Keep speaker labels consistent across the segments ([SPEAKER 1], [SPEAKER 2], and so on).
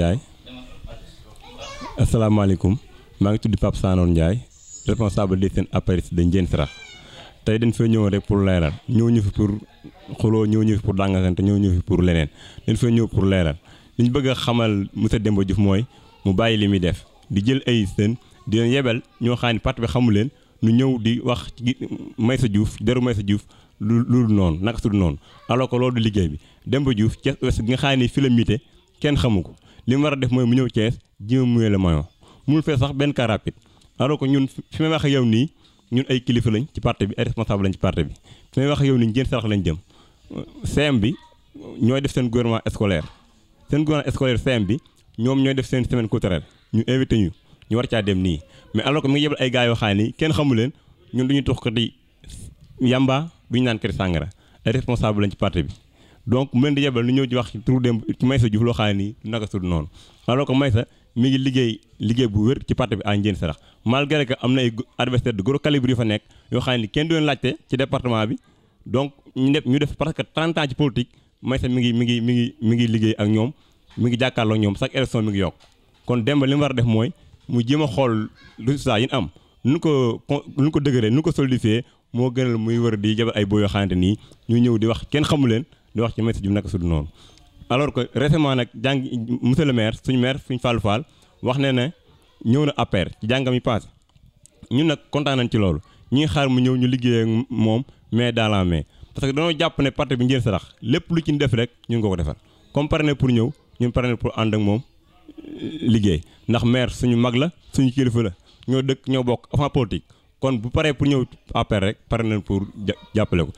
[SPEAKER 1] Ndiaye asalaamaaleykum maa ngi tudd Pape Sanor Ndiaye responsable des scènes appareils dañ Ndiène Sirah tey dañ fee ñëwoon rek pour leeral ñëw ñu fi pour xuloo ñëw ñu fi pour ñoo ñëw fi pour leneen dañ fee ñëw pour leeral li ñu bëgg a xamal monsieur Demba Diouf mooy mu bàyyi li muy def di jël ay seen di leen yebal ñoo xam ne bi xamu leen ñu ñëw di wax Maysa daru may sa Diouf lu lu noonu naka su du noonu alors que loolu du liggéey bi Demba kenn xamu ko li mu war a def mooy mu ñëw Thiès jéem mu muyee le maillot mënul fee sax benn car rapide alors que ñun fi may wax yow nii ñun ay kilifa lañ ci parti bi ay responsable ci parti bi fi may wax yow nii jën sarax lañ jëm CM bi ñooy def seen gouvernement scolaire seen gouvernement scolaire CM bi ñoom ñooy def seen semaine culturelle ñu invité ñu ñu war caa dem nii mais alors que mi ngi yebal ay gars yoo xam ne kenn xamu leen ñun du ñu tux ko di yamba bu ñu naan kër sàngara ay responsable lañ bi. donc mu leen di yebal nu ñëw di wax ci turu démb ci Maysa Diouf loo xam ne nii naka su dul noonu alors que Maysa mi ngi liggéey liggéey bu wér ci parti bi à Ndiéyène Sarax malgré que am na ay adversaire de gros calibre yu fa nekk yoo xam ne kenn doon laajte ci département bi donc ñu def parce que presque 30 ans ci politique Maysa mi ngi mi ngi mi ngi mi ngi liggéey ak ñoom mi ngi jàkkaarloo ñoom chaque élection mi ngi yokk kon Demba li mu war a def mooy mu jéem a xool résultat yi am nu ko nu ko dëgëree nu ko solidifier moo gënal muy wër di jabal ay boo yoo xamante nii ñu ñëw di wax kenn xamu leen di wax ci message bi naka su du noonu alors que récemment nag jàng monsieur le maire suñu maire ñu Fallou Fall wax ne ne ñëw na APR ci jàngam yi passé ñun nag kontaan nañ ci loolu ñi ngi xaar mu ñëw ñu liggéey ak moom mais dans la main parce que dañoo jàpp ne parti bi ngeen sarax lépp lu ci def rek ñun nga ko defal comme pare na pour ñëw ñun pare na pour ànd ak moom euh, liggéey ndax maire suñu mag la suñu kilifa la ñoo dëkk ñoo bokk avant politique kon bu paree pour ñëw APR rek pare na pour jàppale ko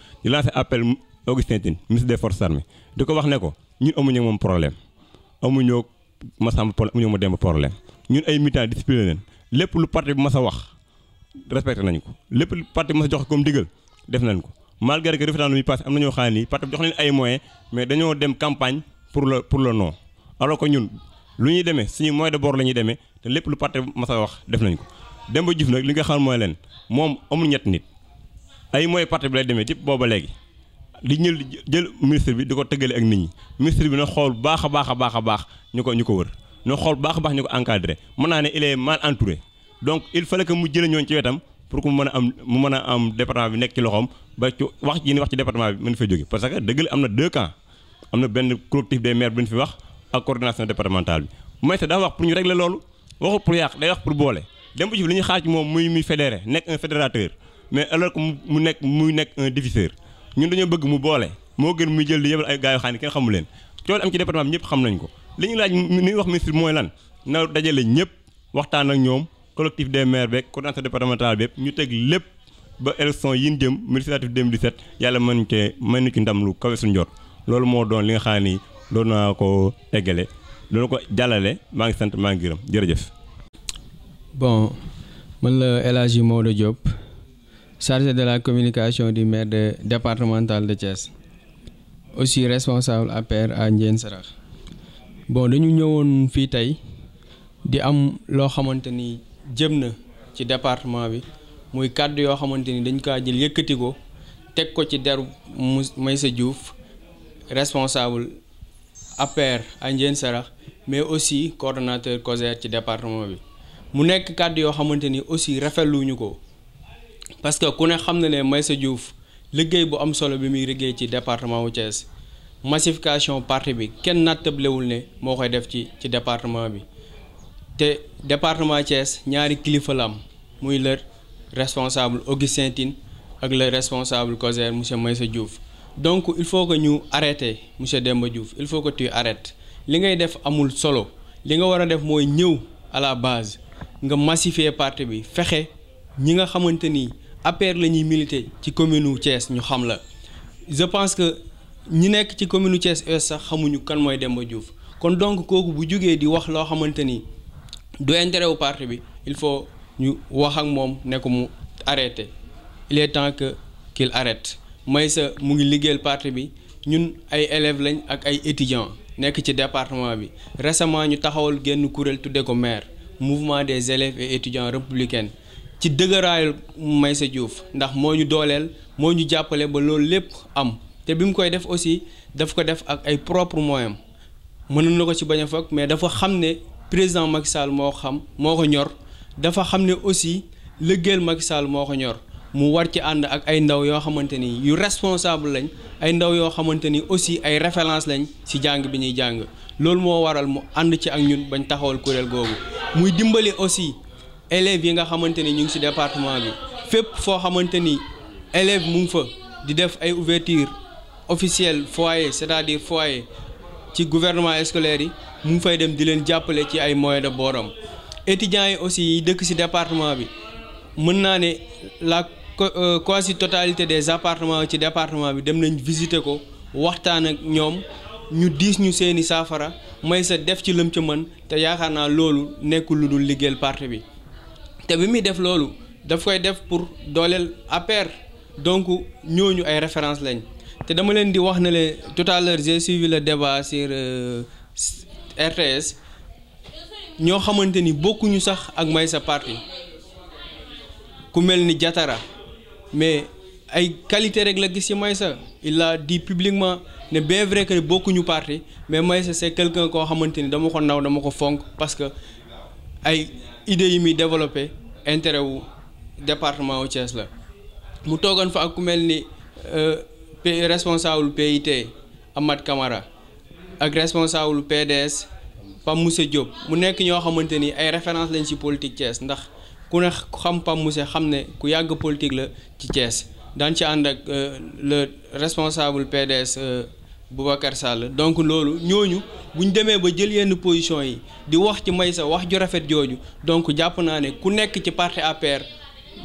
[SPEAKER 1] Augustin Tine ministre des forces armées di ko wax ne ko ñun amuñu moom problème amuñoo Massamba problème amuñoo ma Demba problème ñun ay militants discipliné leen lépp lu parti bi mas a wax respecté nañ ko lépp lu parti bi jox comme digal def nañ ko malgré que référendum yi passé am na ñoo xam ne nii parti bi jox leen ay moyens mais dañoo dem campagne pour le pour le non alors que ñun lu ñuy demee suñu moyen de bord la ñuy demee te lépp lu parti bi mas a wax def nañ ko Demba Diouf nag li nga xam mooy leen moom amul ñett nit ay moye parti bi lay demee ci booba léegi di ñël jël ministre bi di ko tëggale ak nit ñi ministre bi na xool baax a baax a baax a baax ñu ko ñu ko wër na xool baax baax ñu ko encadré mën naa ne il est mal entouré donc il fallait que mu jëlee ñooñu ci wetam pour que mu mën a am mu mën a am département bi nekk ci loxoom ba ci wax ji ni wax ci département bi mën fa jóge parce que dëgg am na deux camps am na benn collectif des maires bu ñu fi wax ak coordination départementale bi mooy sax dafa wax pour ñu régler loolu waxul pour yàq day wax pour boole dem ba ñu xaar moom muy muy fédéré nekk un fédérateur mais mu nekk muy nekk un diviseur ñun dañoo bëgg mu boole moo gën muy jël di yebal ay gars yoo xam ne kenn xamu leen coolu am ci département bi ñëpp xam nañ ko li ñu laaj ni wax ministre mooy lan na dajale ñëpp waxtaan ak ñoom collectif des maires beeg coordination départementale beeg ñu teg lépp ba élection yi ñu jëm législative 2017 yàlla mën cee mën ci ndam lu kawe suñu jot loolu moo doon li nga xam ni doon naa ko eggale doon ko jàllale maa ngi sant maa ngi gërëm jërëjëf.
[SPEAKER 2] bon man la El chargé de la communication du mais de départemental de Thiès aussi responsable APR à Ndiène Sarax bon dañu ñëwoon fii tey di am loo xamante ni jëm na ci département bi muy kàddu yoo xamante ni dañ kaa jël yëkkati ko teg ko ci deru Meissa Diouf responsable APR à Ndiène Sarax mais aussi coordonnateur COSER ci département bi mu nekk kàddu yoo xamante ni aussi rafetluñu ko. parce que ku ne xam na ne Maïssa Diouf liggéey bu am solo bi muy liggéey ci département wu Thiès massification parti bi kenn nattablewul ne moo koy def ci ci département bi te département Thiès ñaari kilifa la am muy le responsable Augustin Tine ak le responsable COSER monsieur sa Diouf donc il faut que ñu arrêté monsieur Demba Diouf il faut que tu arrêtes li ngay def amul solo li nga war a def mooy ñëw à la base nga massifier parti bi fexe ñi nga xamante ni. APR la ñuy militer ci commune wu Thiès ñu xam la je pense que ñi nekk ci commune wu Thiès Ouest sax xamuñu kan mooy dem Demba Diouf kon donc kooku bu jógee di wax loo xamante ni du intérêt wu parti bi il faut ñu wax ak moom ne ko mu arrêté il est temps que qu'il arrête Maysa mu ngi liggéeyal parti bi ñun ay élèves lañ ak ay étudiants nekk ci département bi récemment ñu taxawal génn kuréel tudde ko maire mouvement des élèves et étudiants républicaine ci dëgëraayul Maysa Diouf ndax moo ñu dooleel moo ñu jàppale ba loolu lépp am te bi mu koy def aussi daf ko def ak ay propre moyen mënoon na ko ci bañ a foog mais dafa xam ne président Macky Sall moo xam moo ko ñor dafa xam ne aussi liggéeyal Macky Sall moo ko ñor mu war ci ànd ak ay ndaw yoo xamante ni yu responsable lañ ay ndaw yoo xamante ni aussi ay référence lañ ci jàng bi ñuy jàng loolu moo waral mu ànd ci ak ñun bañ taxawal kuréel googu muy dimbali aussi. élèves yi nga xamante ni ñu ngi ci département bi fépp foo xamante ni élève mu ngi fa di def ay ouverture officielle foyer c'est-à-dire foyer ci gouvernement scolaire yi mu ngi fay dem di leen jàppale ci ay moyens de bord am yi aussi yi dëkk ci département bi mën naa ne la euh, quasi totalité des appartements ci département bi dem nañ visiter ko waxtaan ak ñoom ñu diis ñu seeni saafara may sa def ci lëm ca mën te yaakaar naa loolu nekkul lu dul liggéeyal parti bi te bi muy def loolu daf koy def pour dooleel APR donc ñooñu ay référence lañ te dama leen di wax ne le tout à l'heure j'ai suivi débat sur euh, RTS ñoo xamante ni bokkuñu sax ak may sa parti ku mel ni Jatara mais ay qualité rek la gis ci Maïssa il a dit publiquement ne bien vrai que bokkuñu parti mais Maïssa c'est quelqu'un koo xamante ni dama ko naw dama ko fonk parce que ay idée yi muy développé intérêt wu département wu Thiès la mu toogoon fa ak ku mel ni euh, responsable PIT Amath Camara ak responsable PDS Pam Moussa Diop mu nekk ñoo xamante ni ay référence lañ ci politique Thiès ndax ku ne xam Pam xam ne ku yàgg politique la ci Thiès daan ci ànd ak euh, le responsable PDS. Euh, Boubacar Sall donc loolu ñooñu bu ñu demee ba jël yenn position yi di wax ci Maysa wax ju rafet jooju donc jàpp naa ne ku nekk ci parti APR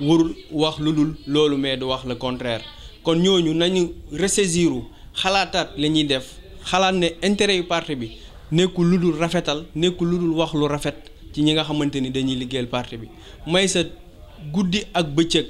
[SPEAKER 2] warul wax lu dul loolu mais du wax la contraire kon ñooñu nañu ressaisir xalaataat la ñuy def xalaat ne intérêt yu parti bi nekkul lu dul rafetal nekkul lu dul wax lu rafet ci ñi nga xamante ni dañuy liggéeyal parti bi Maysa guddi ak bëccëg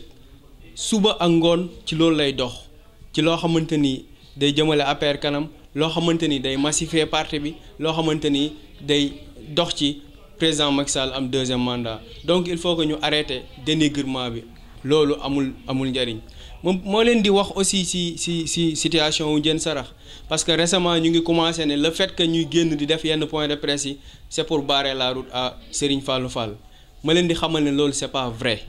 [SPEAKER 2] suba ak ngoon ci loolu lay dox ci loo xamante ni. day jëmale APR kanam loo xamante ni day massifier parti bi loo xamante ni day dox ci président Macky Sall am deuxième mandat donc il faut que ñu arrêter dénigrement bi loolu amul amul njariñ moom moo leen di wax aussi ci ci ci situation wu Diène Sarax parce que récemment ñu ngi commencé ne le fait que ñuy génn di def yenn point de presse yi c'est pour barrer la route à Serigne Fallou Fall ma leen di xamal ne loolu c'est pas vrai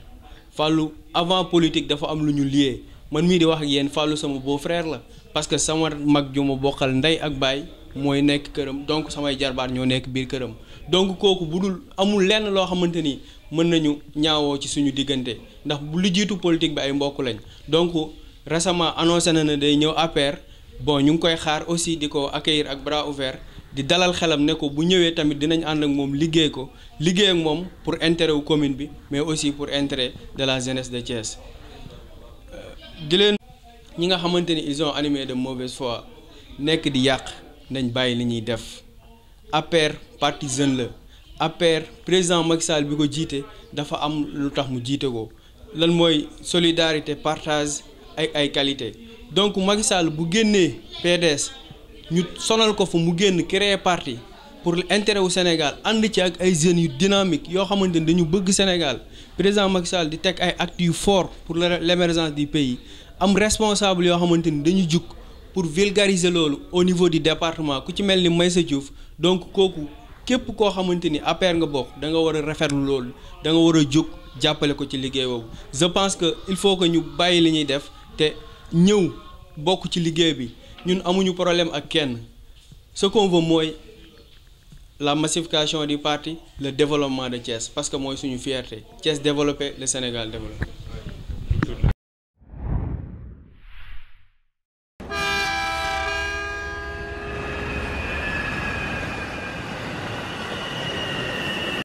[SPEAKER 2] Fallou avant politique dafa am lu ñu lié man mii di wax yéen Fallou sama beau frère la parce que sama mag ju ma bokkal ndey ak baay mooy nekk këram donc samay jarbaar ñoo nekk biir këram donc kooku bu dul amul lenn loo xamante ni mën nañu ñaawoo ci suñu diggante ndax bu lu jiitu politique bi ay mbokk lañ donc récemment annoncé na ne day ñëw APR bon ñu ngi koy xaar aussi di ko accueillir ak bras ouvert di dalal xelam ne ko bu ñëwee tamit dinañ ànd ak moom liggéey ko liggéey ak moom pour intérêt wu commune bi mais aussi pour intérêt de la jeunesse de Thiès euh, ñi nga xamante ni ils ont de mauvaise foi nekk di yàq nañ bàyyi li ñuy def APR parti jeune la APR président Macky bi ko jiite dafa am lu tax mu jiite ko lan mooy solidarité partage ay ay qualité donc Macky Sall bu génnee PDS ñu sonal ko fa mu génn créer parti pour l'intérêt wu Sénégal ànd ci ak ay jeunes yu dynamique yoo xamante ni dañu bëgg Sénégal président Macky di teg ay actes yu fort pour l'émergence du pays am responsable yoo xamante ni dañu jug pour vulgariser loolu au niveau du département ku ci mel ni may sa Diouf donc kooku képp koo xamante ni APR nga bokk danga nga war a rafetlu loolu danga nga war a jóg jàppale ko ci liggéey boobu je pense que il faut que ñu bàyyi li ñuy def te ñëw bokk ci liggéey bi ñun amuñu problème ak kenn ce qu'on mooy la massification du parti le développement de Thiès parce que mooy suñu fierté Thiès développé le Sénégal développé